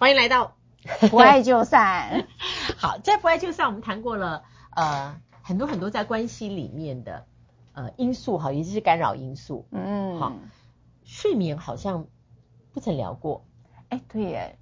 歡迎來到不愛就散。 好，在不愛就散，我們談過了呃很多很多在關係裡面的呃因素，哈，尤其是干擾因素。嗯，好，睡眠好像不曾聊過？哎、欸，對耶，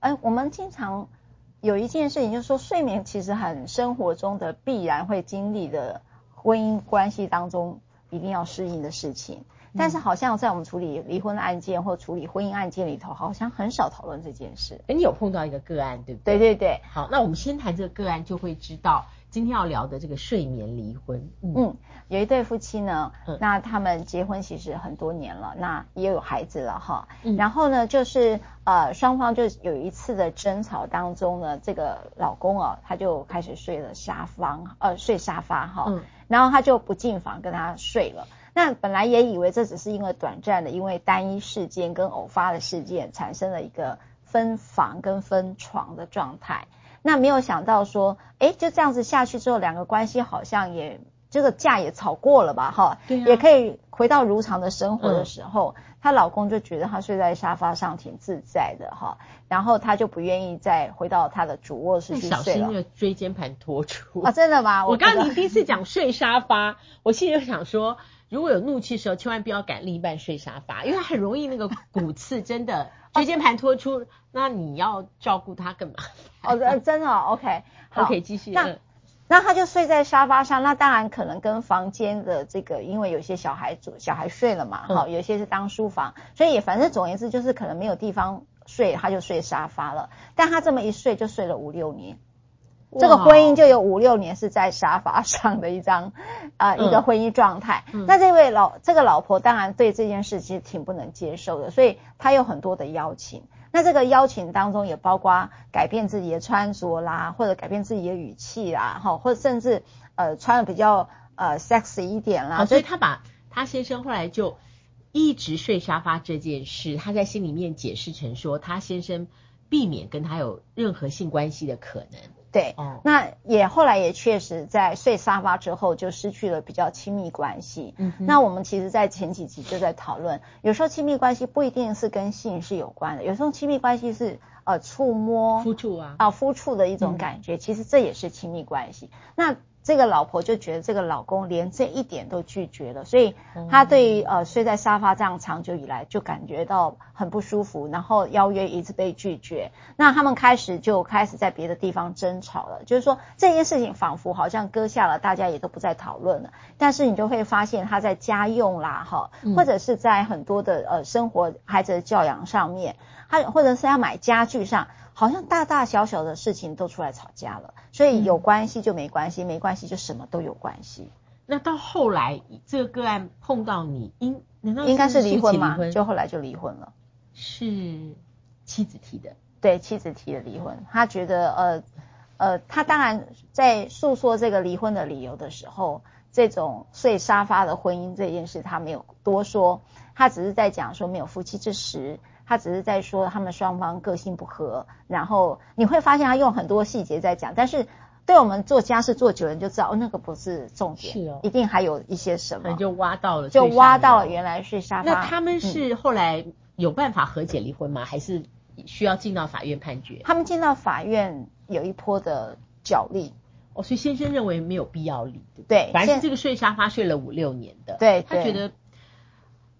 哎，哎，我們經常有一件事情，就是說睡眠其實很生活中的必然會經歷的，婚姻關係當中一定要適應的事情。但是好像在我們處理離婚案件或處理婚姻案件裡頭，好像很少討論這件事。哎，你有碰到一個個案，對不對？對對對。好，那我們先談這個個案，就會知道今天要聊的這個睡眠離婚。嗯，嗯有一對夫妻呢、嗯，那他們結婚其實很多年了，那也有孩子了哈、嗯。然後呢，就是呃，雙方就有一次的爭吵當中呢，這個老公啊，他就開始睡了沙發，呃，睡沙發哈、嗯。然後他就不進房跟他睡了。那本來也以為這只是因為短暫的，因為單一事件跟偶發的事件產生了一個分房跟分床的狀態。那沒有想到說，誒，就這樣子下去之後，兩個關係好像也這個架也吵過了吧？哈、啊，也可以回到如常的生活的時候，她、嗯、老公就覺得她睡在沙發上挺自在的，哈，然後她就不願意再回到她的主臥室去睡了。因為椎間盤脫出啊，真的嗎？我，我剛剛你第一次講睡沙發， 我心裡就想說。如果有怒氣的時候，千萬不要趕另一半睡沙發，因為他很容易那個骨刺真的椎間 盤脫出、哦。那你要照顧他幹嘛？哦，真的、哦、，OK，好，可、okay、以繼續。那、呃、那他就睡在沙發上，那當然可能跟房間的這個，因為有些小孩住小孩睡了嘛、嗯，好，有些是當書房，所以也反正總而言之就是可能沒有地方睡，他就睡沙發了。但他這麼一睡就睡了五六年。這個婚姻就有五六年是在沙發上的一張啊、呃，一個婚姻狀態。嗯嗯、那這位老這個老婆當然對這件事其實挺不能接受的，所以她有很多的邀請。那這個邀請當中也包括改變自己的穿着啦，或者改變自己的語氣啦，哈，或者甚至呃穿的比較呃 sexy 一點啦。好、啊，所以他把他先生後來就一直睡沙發這件事，他在心裡面解釋成說，他先生避免跟他有任何性關係的可能。對，那也後來也確實在睡沙發之後就失去了比較親密關係。嗯，那我們其實，在前幾集就在討論，有時候親密關係不一定是跟性是有關的，有時候親密關係是呃觸摸，膚觸啊，啊、呃，膚觸的一種感覺、嗯，其實這也是親密關係。那。這個老婆就覺得這個老公連這一點都拒絕了，所以她對呃睡在沙發這樣長久以來就感覺到很不舒服，然後邀約一直被拒絕，那他們開始就開始在別的地方爭吵了，就是說這件事情仿佛好像擱下了，大家也都不再討論了。但是你就會發現他在家用啦哈，或者是在很多的呃生活、孩子的教養上面，他或者是要買家具上。好像大大小小的事情都出來吵架了，所以有關係就沒關係。嗯，沒關係就什麼都有關係。那到後來這個個案碰到你，是是應應該是離婚嘛？就後來就離婚了，是妻子提的。對，妻子提的離婚，他覺得呃呃，他當然在訴說這個離婚的理由的時候。這種睡沙發的婚姻這件事，他沒有多說，他只是在講說沒有夫妻之實，他只是在說他們雙方個性不合。然後你會發現，他用很多細節在講，但是對我們做家事做久的人就知道，哦，那個不是重點，是哦，一定還有一些什麼，就挖到了，就挖到了原來睡沙發。那他們是後來有辦法和解離婚嗎，嗯？還是需要進到法院判決？他們進到法院有一波的角力。哦，所以先生認為沒有必要離，對不對？反正這個睡沙發睡了五六年的對，對，他覺得，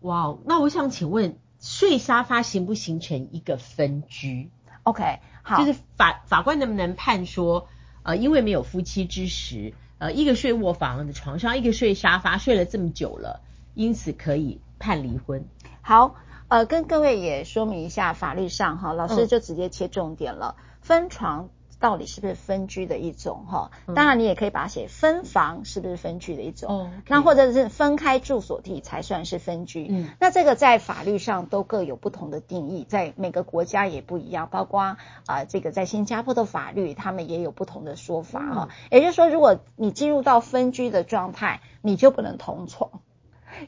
哇，那我想請問，睡沙發形不形成一個分居？OK，好，就是法法官能不能判說，呃，因為沒有夫妻之實，呃，一個睡臥房的床上，一個睡沙發，睡了這麼久了，因此可以判離婚？好，呃，跟各位也說明一下法律上哈，老師就直接切重點了，嗯、分床。到底是不是分居的一種哈？當然，你也可以把它寫分房，是不是分居的一種，嗯？那或者是分開住所地才算是分居，嗯？那這個在法律上都各有不同的定義，在每個國家也不一樣，包括啊、呃、這個在新加坡的法律，他們也有不同的說法哈、嗯。也就是說，如果你進入到分居的狀態，你就不能同床。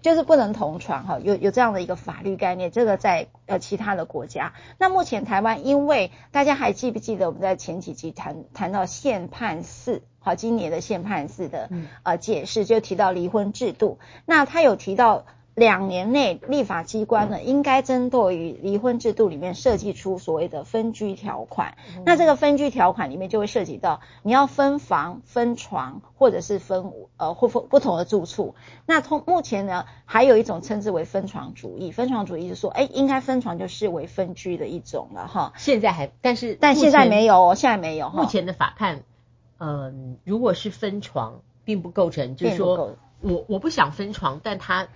就是不能同床哈，有有這樣的一個法律概念，這個在呃其他的國家。那目前台灣，因為大家還記不記得我們在前幾集談談到憲判四，好，今年的憲判四的呃解釋就提到離婚制度，那他有提到。兩年內，立法機關呢應該針對於離婚制度裡面設計出所謂的分居條款。那這個分居條款裡面就會涉及到你要分房、分床，或者是分呃或分不同的住處。那通目前呢還有一種稱之為分床主義，分床主義就是說、哎，誒應該分床就視為分居的一種了哈。現在還，但是但現在沒有，現在沒有。目前的法判，嗯，如果是分床，並不構成，就是說我我不想分床，但他。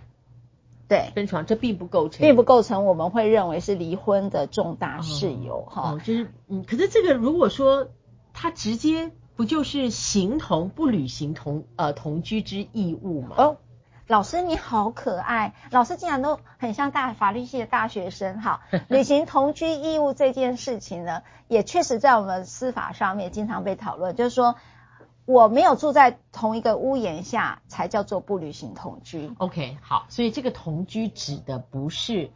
對，分床，這並不構成，並不構成，我們會認為是離婚的重大事由哈。哦，就是嗯，可是這個如果說他直接不就是形同不履行同呃同居之義務嗎？哦，老師你好可愛，老師竟然都很像大法律系的大學生哈。履行同居義務這件事情呢， 也確實在我們司法上面經常被討論，就是說。我沒有住在同一個屋檐下，才叫做不履行同居。OK，好，所以這個同居指的不是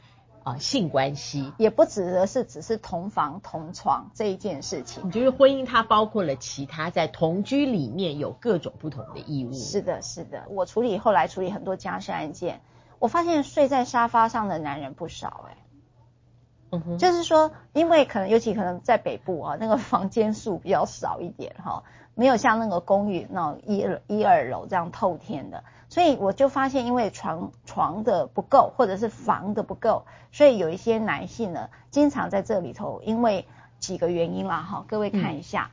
啊、呃、性關係，也不指的是只是同房同床這一件事情。你覺得婚姻它包括了其他，在同居裡面有各種不同的義務。是的，是的，我處理後來處理很多家事案件，我發現睡在沙發上的男人不少哎、欸嗯。就是說，因為可能尤其可能在北部啊，那個房間數比較少一點哈、哦。沒有像那個公寓那一二、二一、二樓這樣透天的，所以我就發現，因為床床的不夠，或者是房的不夠，所以有一些男性呢，經常在這裡頭，因為幾個原因啦，哈，各位看一下、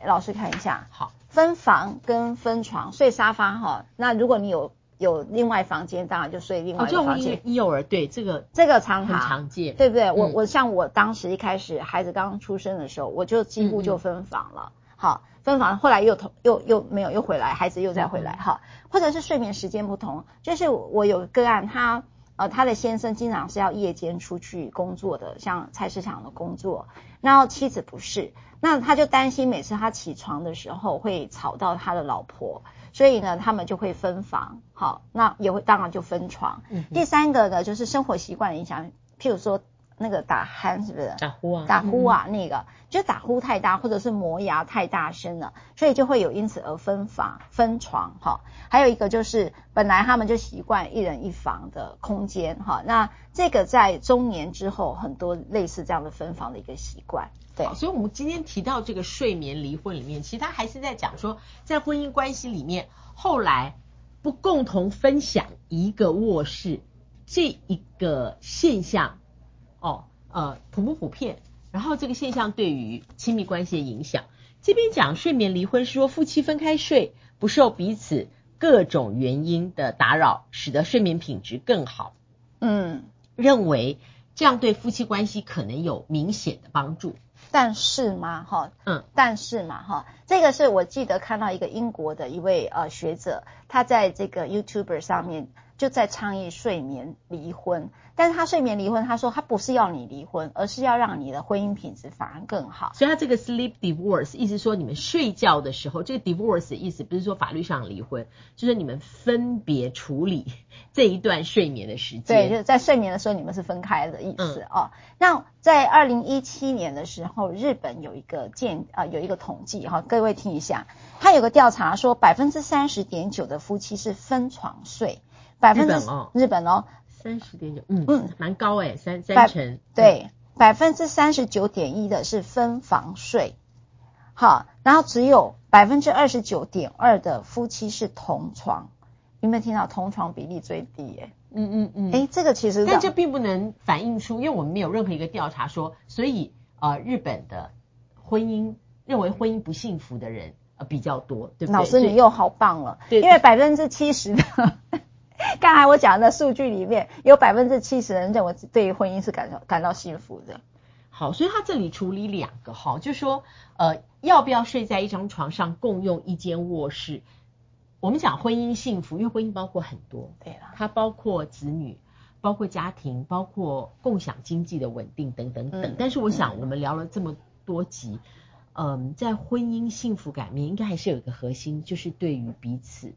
嗯，老師看一下，好，分房跟分床睡沙發哈。那如果你有有另外房間，當然就睡另外的房間。幼、哦、兒對這個這個常常見，對不對？嗯、我我像我當時一開始孩子剛剛出生的時候，我就幾乎就分房了，嗯嗯好。分房，後來又同又又沒有又回來，孩子又再回來哈、嗯，或者是睡眠時間不同，就是我有個案，他呃他的先生經常是要夜間出去工作的，像菜市場的工作，然後妻子不是，那他就擔心每次他起床的時候會吵到他的老婆，所以呢他們就會分房，好，那也會當然就分床。嗯、第三個呢就是生活習慣影響，譬如說。那個打鼾是不是？打呼啊，打呼啊，嗯、那個就打呼太大，或者是磨牙太大聲了，所以就會有因此而分房、分牀哈、哦。還有一個就是，本來他們就習慣一人一房的空間哈、哦。那這個在中年之後，很多類似這樣的分房的一個習慣。對，好，所以我們今天提到這個睡眠離婚裡面，其實它還是在講說，在婚姻關係裡面，後來不共同分享一個臥室這一個現象。哦，呃，普不普遍？然後這個現象對於親密關係的影響，這邊講睡眠離婚是說，說夫妻分開睡，不受彼此各種原因的打擾，使得睡眠品質更好。嗯，認為這樣對夫妻關係可能有明顯的幫助。但是嘛，哈，嗯，但是嘛，哈，這個是我記得看到一個英國的一位呃學者，他在這個 YouTube 上面。嗯。就在倡議睡眠離婚，但是他睡眠離婚，他說他不是要你離婚，而是要讓你的婚姻品質反而更好。所以他這個 sleep divorce 意思說，你們睡覺的時候，這個 divorce 的意思不是說法律上離婚，就是你們分別處理這一段睡眠的時間。對，就是在睡眠的時候，你們是分開的意思、嗯、哦。那在二零一七年的時候，日本有一個建呃有一個統計哈、哦，各位聽一下，他有個調查說百分之三十點九的夫妻是分床睡。日本哦，日本哦，三十點九，嗯嗯，蠻高哎，欸，三三成，嗯，對，百分之三十九點一的是分房睡，好，然後只有百分之二十九點二的夫妻是同床，有沒有聽到同床比例最低，欸？哎，嗯嗯嗯，哎，欸，這個其實是，但這並不能反映出，因為我們沒有任何一個調查說，所以呃，日本的婚姻認為婚姻不幸福的人呃比較多，對不對？老師，你又好棒了，對因為百分之七十的。 剛才我講的數據裡面有百分之七十的人認為對於婚姻是感受感到幸福的。好，所以他這裡處理兩個哈，就是說呃要不要睡在一張床上，共用一間臥室？我們講婚姻幸福，因為婚姻包括很多，對了，它包括子女、包括家庭、包括共享經濟的穩定等等等。嗯、但是我想我們聊了這麼多集，嗯，嗯在婚姻幸福感裡面應該還是有一個核心，就是對於彼此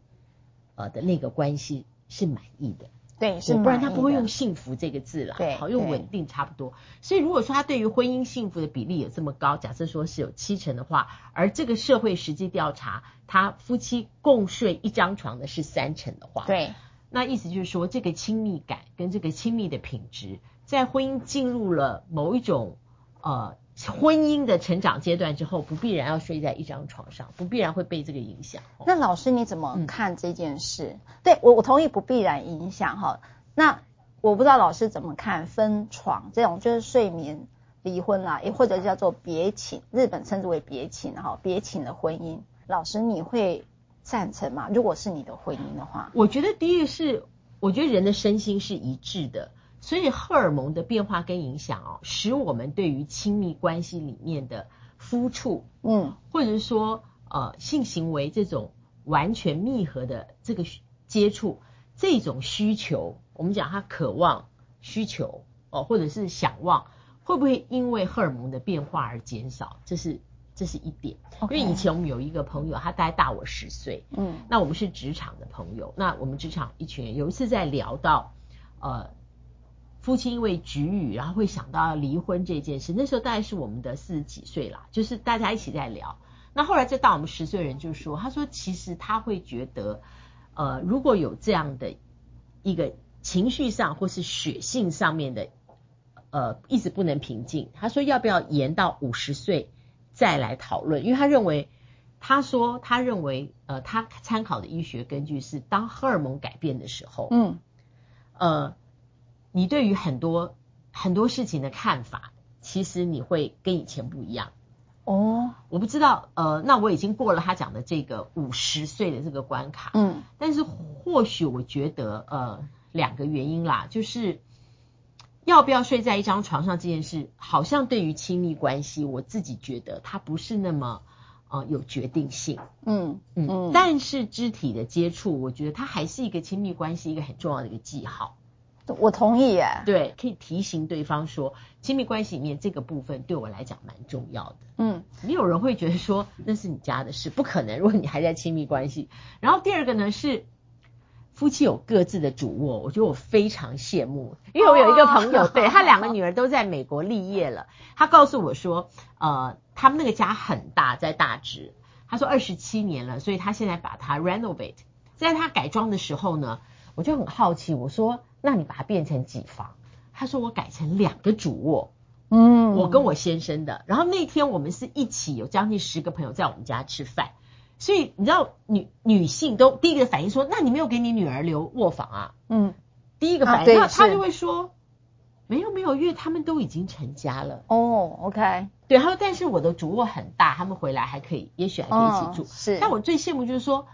呃的那個關係是滿意的，對，是不然他不會用幸福這個字了，對，好用穩定差不多。所以如果說他對於婚姻幸福的比例有這麼高，假設說是有七成的話，而這個社會實際調查，他夫妻共睡一張床的是三成的話，對，那意思就是說這個親密感跟這個親密的品質，在婚姻進入了某一種呃。婚姻的成長階段之後，不必然要睡在一張床上，不必然會被這個影響。那老師你怎麼看這件事？嗯、對我，我同意不必然影響哈。那我不知道老師怎麼看分床這種，就是睡眠離婚啦，也或者叫做別寢，日本稱之為別寢哈，別寢的婚姻，老師你會贊成嗎？如果是你的婚姻的話，我覺得第一個是，我覺得人的身心是一致的。所以荷爾蒙的變化跟影響哦，使我們對於親密關係裡面的付出嗯，或者是說呃性行為這種完全密合的這個接觸，這種需求，我們講他渴望需求哦、呃，或者是想望，會不會因為荷爾蒙的變化而減少？這是這是一點。因為以前我們有一個朋友，他大概大我十歲，嗯，那我們是職場的朋友，那我們職場一群人有一次在聊到，呃。父親因為局域，然後會想到要離婚這件事。那時候大概是我們的四十幾歲啦，就是大家一起在聊。那後來就到我們十歲人，就說他說，其實他會覺得，呃，如果有這樣的一個情緒上或是血性上面的，呃，一直不能平靜。他說要不要延到五十歲再來討論？因為他認為，他說他認為，呃，他參考的醫學根據是當荷爾蒙改變的時候，嗯，呃。你對於很多很多事情的看法，其實你會跟以前不一樣。哦，我不知道，呃，那我已經過了他講的這個五十歲的這個關卡。嗯，但是或許我覺得，呃，兩個原因啦，就是要不要睡在一張床上這件事，好像對於親密關係，我自己覺得它不是那麼，呃，有決定性。嗯嗯，但是肢體的接觸，我覺得它還是一個親密關係，一個很重要的一個記號。我同意耶，對，可以提醒對方說，親密關係裡面這個部分對我來講蠻重要的。嗯，沒有人會覺得說那是你家的事，不可能。如果你還在親密關係，然後第二個呢是夫妻有各自的主臥，我覺得我非常羨慕，因為我有一個朋友，啊、對，好好好，他兩個女兒都在美國立業了，他告訴我說，呃，他們那個家很大，在大直，他說二十七年了，所以他現在把它 renovate，在他改裝的時候呢，我就很好奇，我說。那你把它變成幾房？他說我改成兩個主臥，嗯，我跟我先生的。然後那天我們是一起有將近十個朋友在我們家吃飯，所以你知道女女性都第一個反應說，那你沒有給你女兒留臥房啊？嗯，第一個反應，那、啊、他，他就會說沒有沒有月，因為他們都已經成家了。哦，OK，對，他說但是我的主臥很大，他們回來還可以，也許還可以一起住。哦、是，但我最羨慕就是說。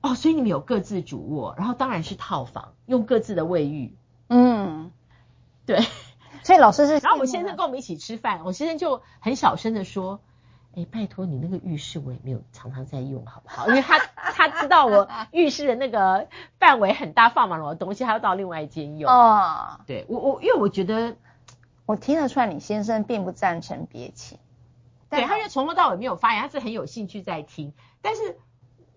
哦，所以你們有各自主臥，然後當然是套房，用各自的衛浴。嗯，對。所以老師是，然後我先生跟我們一起吃飯，我先生就很小聲的說：“誒，拜託你那個浴室我也沒有常常在用，好不好？”因 為他他知道我浴室的那個範圍很大， 很大放滿了我的東西，他要到另外一間用。哦，對，我我因為我覺得我聽得出來，你先生並不贊成別寢。對，他就從頭到尾沒有發言，他是很有興趣在聽，但是。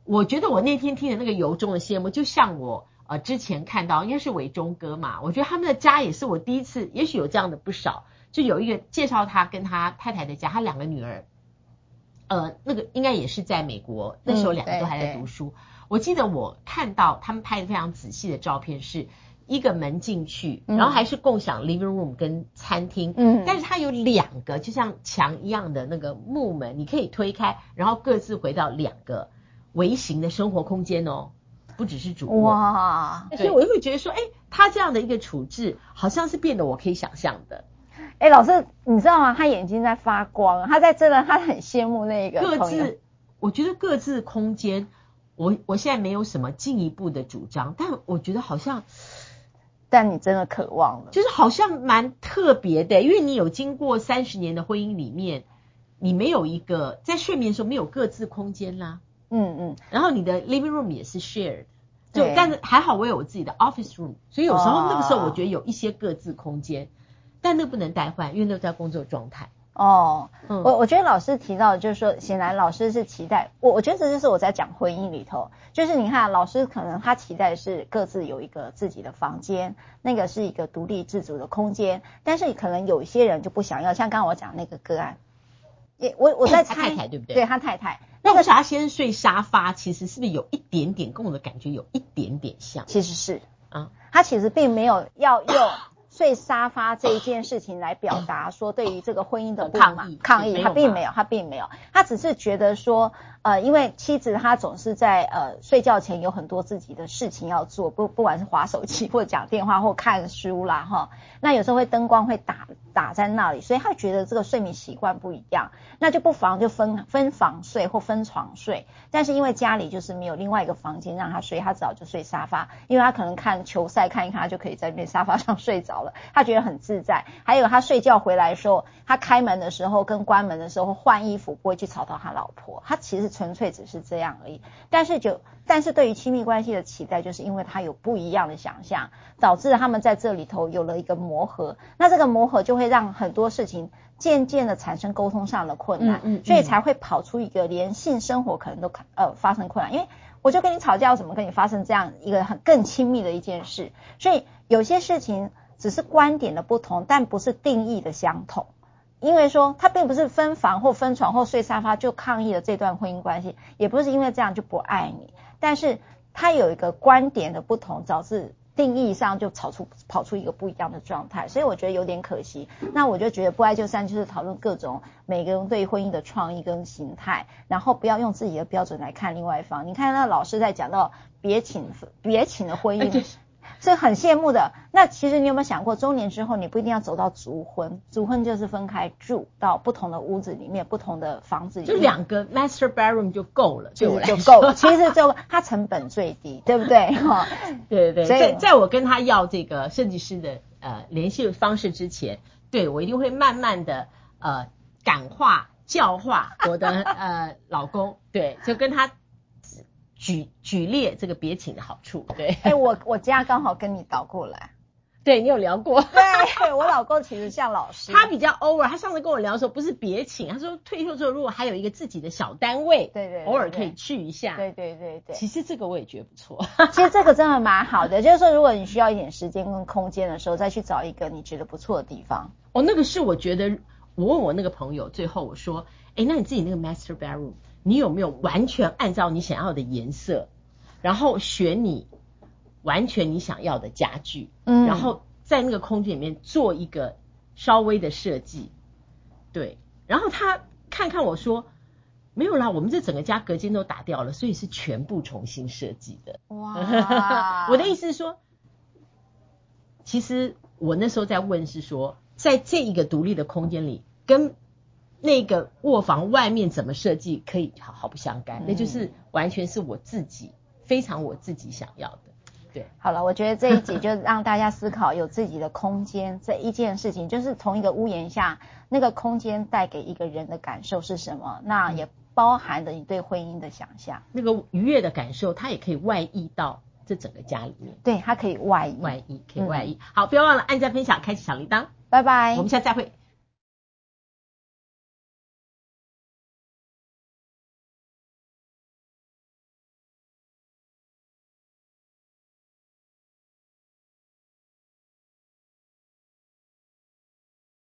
我覺得我那天聽的那個由衷的羨慕，就像我呃之前看到，應該是偉忠哥嘛。我覺得他們的家也是我第一次，也許有這樣的不少。就有一個介紹他跟他太太的家，他兩個女兒，呃，那個應該也是在美國，那時候兩個都還在讀書，嗯。我記得我看到他們拍的非常仔細的照片，是一個門進去，然後還是共享 living room 跟餐廳，嗯，但是他有兩個就像牆一樣的那個木門，你可以推開，然後各自回到兩個。微型的生活空間哦，不只是主臥哇，所以我就會覺得說，哎、欸，他這樣的一個處置，好像是變得我可以想象的。哎、欸，老師，你知道嗎？他眼睛在發光，他在這，他很羨慕那個各自。我覺得各自空間，我我現在沒有什麼進一步的主張，但我覺得好像，但你真的渴望了，就是好像蠻特別的，因為你有經過三十年的婚姻裡面，你沒有一個在睡眠的時候沒有各自空間啦。嗯嗯，然後你的 living room 也是 shared，就但是還好我有我自己的 office room，所以有時候、哦、那個時候我覺得有一些各自空間，但那不能帶壞，因為那在工作狀態。哦，嗯、我我覺得老師提到就是說，顯然老師是期待我，我覺得這就是我在講婚姻裡頭，就是你看老師可能他期待是各自有一個自己的房間，那個是一個獨立自主的空間，但是可能有一些人就不想要，像剛剛我講那個個案。我我在猜太太對不對？對，他太太那個時候他，先睡沙發，其實是不是有一點點跟我的感覺有一點點像？其實是啊，他、嗯、其實並沒有要用睡沙發這一件事情來表達說對於這個婚姻的抗議抗議，他並沒有，他並沒有，他只是覺得說。呃，因為妻子她總是在呃睡覺前有很多自己的事情要做，不不管是滑手機或講電話或看書啦哈，那有時候會燈光會打打在那裡，所以她覺得這個睡眠習慣不一樣，那就不妨就分分房睡或分床睡，但是因為家裡就是沒有另外一個房間讓他睡，他早就睡沙發，因為他可能看球賽看一看，他就可以在那邊沙發上睡着了，他覺得很自在。還有他睡覺回來的時候，他開門的時候跟關門的時候換衣服不會去吵到他老婆，他其實。純粹只是這樣而已，但是就，但是對於親密關係的期待，就是因為他有不一樣的想象，導致他們在這裡頭有了一個磨合，那這個磨合就會讓很多事情漸漸的產生溝通上的困難，嗯嗯嗯，所以才會跑出一個連性生活可能都呃發生困難，因為我就跟你吵架，我怎麼跟你發生這樣一個很更親密的一件事，所以有些事情只是觀點的不同，但不是定義的相同。因為說他並不是分房或分床或睡沙發就抗議了這段婚姻關係，也不是因為這樣就不愛你，但是他有一個觀點的不同，導致定義上就吵出跑出一個不一樣的狀態，所以我覺得有點可惜。那我就覺得不愛就散，就是討論各種每個人對婚姻的創意跟形態，然後不要用自己的標準來看另外一方。你看那老師在講到別寢別寢的婚姻。Okay. 所以很羨慕的。那其實你有沒有想過，中年之後你不一定要走到卒婚，卒婚就是分開住到不同的屋子裡面，不同的房子裡面，裡就兩個 master bedroom 就夠了，對我來就就夠了。 其實就它成本最低， 對不對？哈，對對。所以，在我跟他要這個設計師的呃聯繫方式之前，對，我一定會慢慢的呃感化教化我的 呃老公，對，就跟他。舉舉例這個別寢的好處，對，哎、欸，我我家剛好跟你倒過來， 對你有聊過， 對，我老公其實像老師，他比較 over，他上次跟我聊的時候不是別寢，他說退休之後如果還有一個自己的小單位，對對、對、對，偶爾可以去一下，對、對對對對，其實這個我也覺得不錯， 其實這個真的蠻好的，就是說如果你需要一點時間跟空間的時候，再去找一個你覺得不錯的地方，哦，那個是我覺得我問我那個朋友，最後我說，哎，那你自己那個 master bedroom。你有沒有完全按照你想要的顏色，然後選你完全你想要的家具，嗯，然後在那個空間裡面做一個稍微的設計，對，然後他看看我說沒有啦，我們這整個家隔間都打掉了，所以是全部重新設計的。哇， 我的意思是說，其實我那時候在問是說，在這一個獨立的空間裡跟。那個臥房外面怎麼設計，可以好好不相干，嗯、那就是完全是我自己非常我自己想要的。對，好了，我覺得這一集就讓大家思考有自己的空間 這一件事情，就是同一個屋檐下那個空間帶給一個人的感受是什麼？嗯、那也包含着你對婚姻的想象。那個愉悅的感受，它也可以外溢到這整個家裡面。對，它可以外溢，外溢可以外溢、嗯。好，不要忘了按讚、分享、開啟小鈴鐺。拜拜，我們下次再會。